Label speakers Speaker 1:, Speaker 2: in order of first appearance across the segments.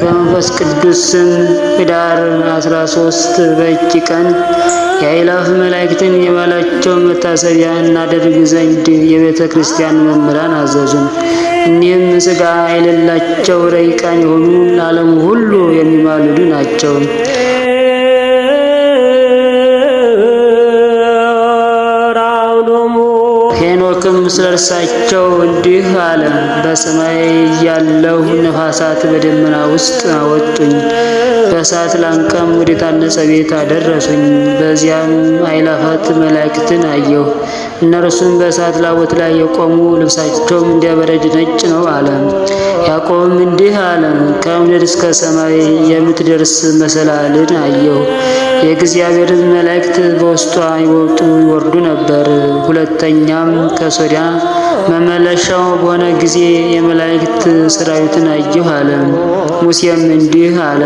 Speaker 1: በመንፈስ ቅዱስ ስም ኅዳር 13 በእጅ ቀን የአእላፍ መላእክትን የበዓላቸው መታሰቢያ እናደርግ ዘንድ የቤተ ክርስቲያን መምህራን አዘዙን። እኒህም ሥጋ የሌላቸው ረቂቃን የሆኑ ለዓለሙ ሁሉ የሚማልዱ ናቸው። ሎጥም ስለ እርሳቸው እንዲህ አለ። በሰማይ ያለሁ ነፋሳት በደመና ውስጥ አወጡኝ፣ በእሳት ላንቃም ወደ ታነጸ ቤት አደረሱኝ። በዚያም አእላፋት መላእክትን አየሁ። እነርሱም በእሳት ላቦት ላይ የቆሙ ልብሳቸውም እንዲያበረድ ነጭ ነው አለ። ያዕቆብም እንዲህ አለ። ከምድር እስከ ሰማይ የምትደርስ መሰላልን አየሁ። የእግዚአብሔርን መላእክት በውስጧ ይወጡ ይወርዱ ነበር። ሁለተኛም ከሶርያ መመለሻው በሆነ ጊዜ የመላእክት ሰራዊትን አየሁ አለ። ሙሴም እንዲህ አለ፣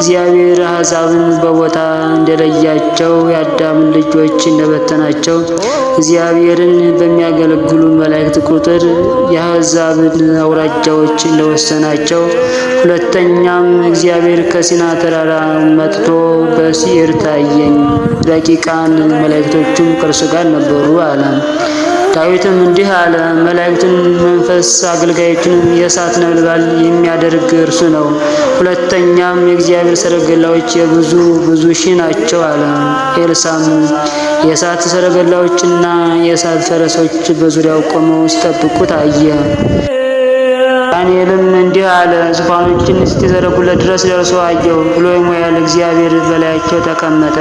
Speaker 1: እግዚአብሔር አሕዛብን በቦታ እንደለያቸው የአዳምን ልጆች እንደበተናቸው እግዚአብሔርን በሚያገለግሉ መላእክት ቁጥር የአሕዛብን አውራጃዎች እንደወሰናቸው ሁለተኛም እግዚአብሔር ከሲና ተራራ መጥቶ በሲር ታየኝ። ደቂቃን መላእክቶቹም ከእርሱ ጋር ነበሩ አለ። ዳዊትም እንዲህ አለ፣ መላእክትን መንፈስ አገልጋዮችንም የእሳት ነበልባል የሚያደርግ እርሱ ነው። ሁለተኛም የእግዚአብሔር ሰረገላዎች የብዙ ብዙ ሺህ ናቸው አለ። ኤልሳም የእሳት ሰረገላዎችና የእሳት ፈረሶች በዙሪያው ቆመው ሲጠብቁት አየ። ዳንኤልም እንዲህ አለ፣ ዙፋኖችን እስኪዘረጉለት ድረስ ደርሶ አየው ብሎ የሙያል እግዚአብሔር በላያቸው ተቀመጠ።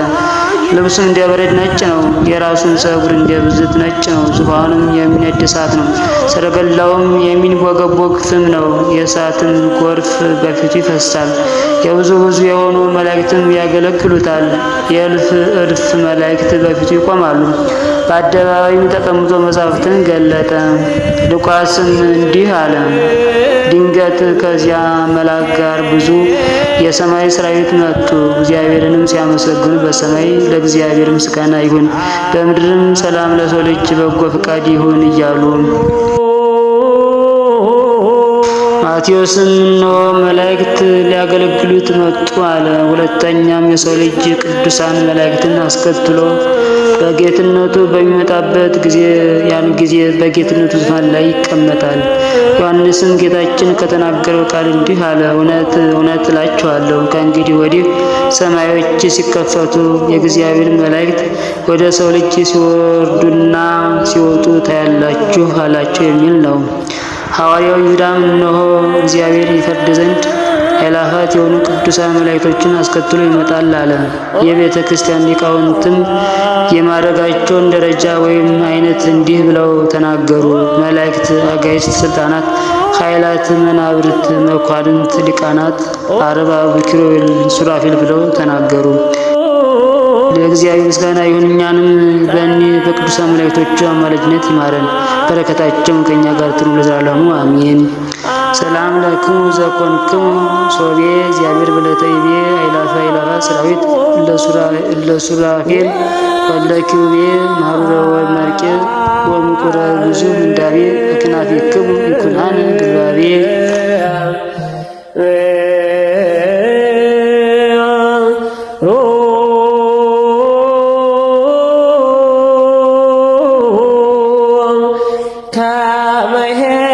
Speaker 1: ልብሱም እንደ በረድ ነጭ ነው፣ የራሱን ጸጉር እንደ ብዝት ነጭ ነው። ዙፋኑም የሚነድ እሳት ነው፣ ሰረገላውም የሚንቦገቦግ ፍም ነው። የእሳትም ጎርፍ በፊቱ ይፈሳል። የብዙ ብዙ የሆኑ መላእክትም ያገለግሉታል። የእልፍ እልፍ መላእክት በፊቱ ይቆማሉ። በአደባባይም ተቀምጦ መጻሕፍትን ገለጠ። ሉቃስም እንዲህ አለ። ድንገት ከዚያ መልአክ ጋር ብዙ የሰማይ ሰራዊት መጡ። እግዚአብሔርንም ሲያመሰግኑ በሰማይ ለእግዚአብሔር ምስጋና ይሁን፣ በምድርም ሰላም ለሰው ልጅ በጎ ፈቃድ ይሁን እያሉ ማቴዎስም እነሆ መላእክት ሊያገለግሉት መጡ አለ። ሁለተኛም የሰው ልጅ ቅዱሳን መላእክትን አስከትሎ በጌትነቱ በሚመጣበት ጊዜ ያን ጊዜ በጌትነቱ ዙፋን ላይ ይቀመጣል። ዮሐንስም ጌታችን ከተናገረው ቃል እንዲህ አለ፣ እውነት እውነት እላችኋለሁ ከእንግዲህ ወዲህ ሰማዮች ሲከፈቱ የእግዚአብሔር መላእክት ወደ ሰው ልጅ ሲወርዱና ሲወጡ ታያላችሁ አላቸው የሚል ነው። ሐዋርያው ይሁዳም እነሆ እግዚአብሔር ይፈርድ ዘንድ ኃይላፋት የሆኑ ቅዱሳን መላእክቶችን አስከትሎ ይመጣል አለ። የቤተ ክርስቲያን ሊቃውንትም የማድረጋቸውን ደረጃ ወይም አይነት እንዲህ ብለው ተናገሩ። መላእክት፣ አጋይስት፣ ስልጣናት፣ ኃይላት፣ መናብርት፣ መኳንንት፣ ሊቃናት፣ አርባብ፣ ኪሩቤል፣ ሱራፊል ብለው ተናገሩ። ለእግዚአብሔር ምስጋና ይሁን። እኛንም በእኒህ በቅዱሳን መላእክቶቹ አማላጅነት ይማረን። በረከታቸውን ከእኛ ጋር ትኑ ለዘላለሙ አሜን። ሰላም ለክሙ ዘኮንክሙ ሶቤ እግዚአብሔር ይቤ አይላፋ አይላፋ ሰራዊት እለሱራፌል ወለኪቤ ማሩረ ወመርቄ ወምቁረ ብዙ እንዳቤ በክናፊክሙ ይኩናን ግባቤ my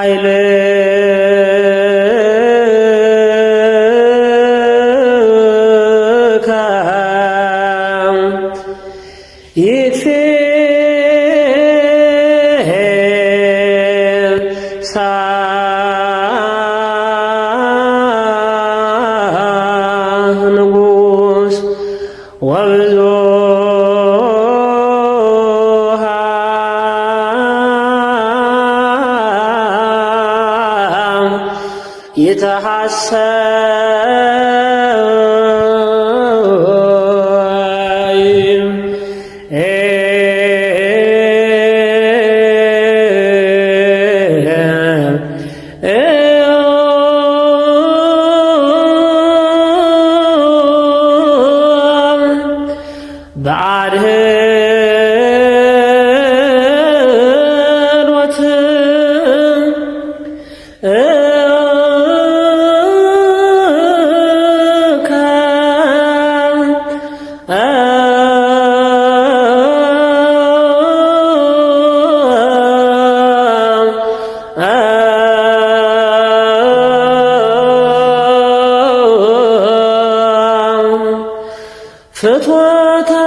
Speaker 1: ኃይል ንጉሥ ወብዙ Say. ፍትወተ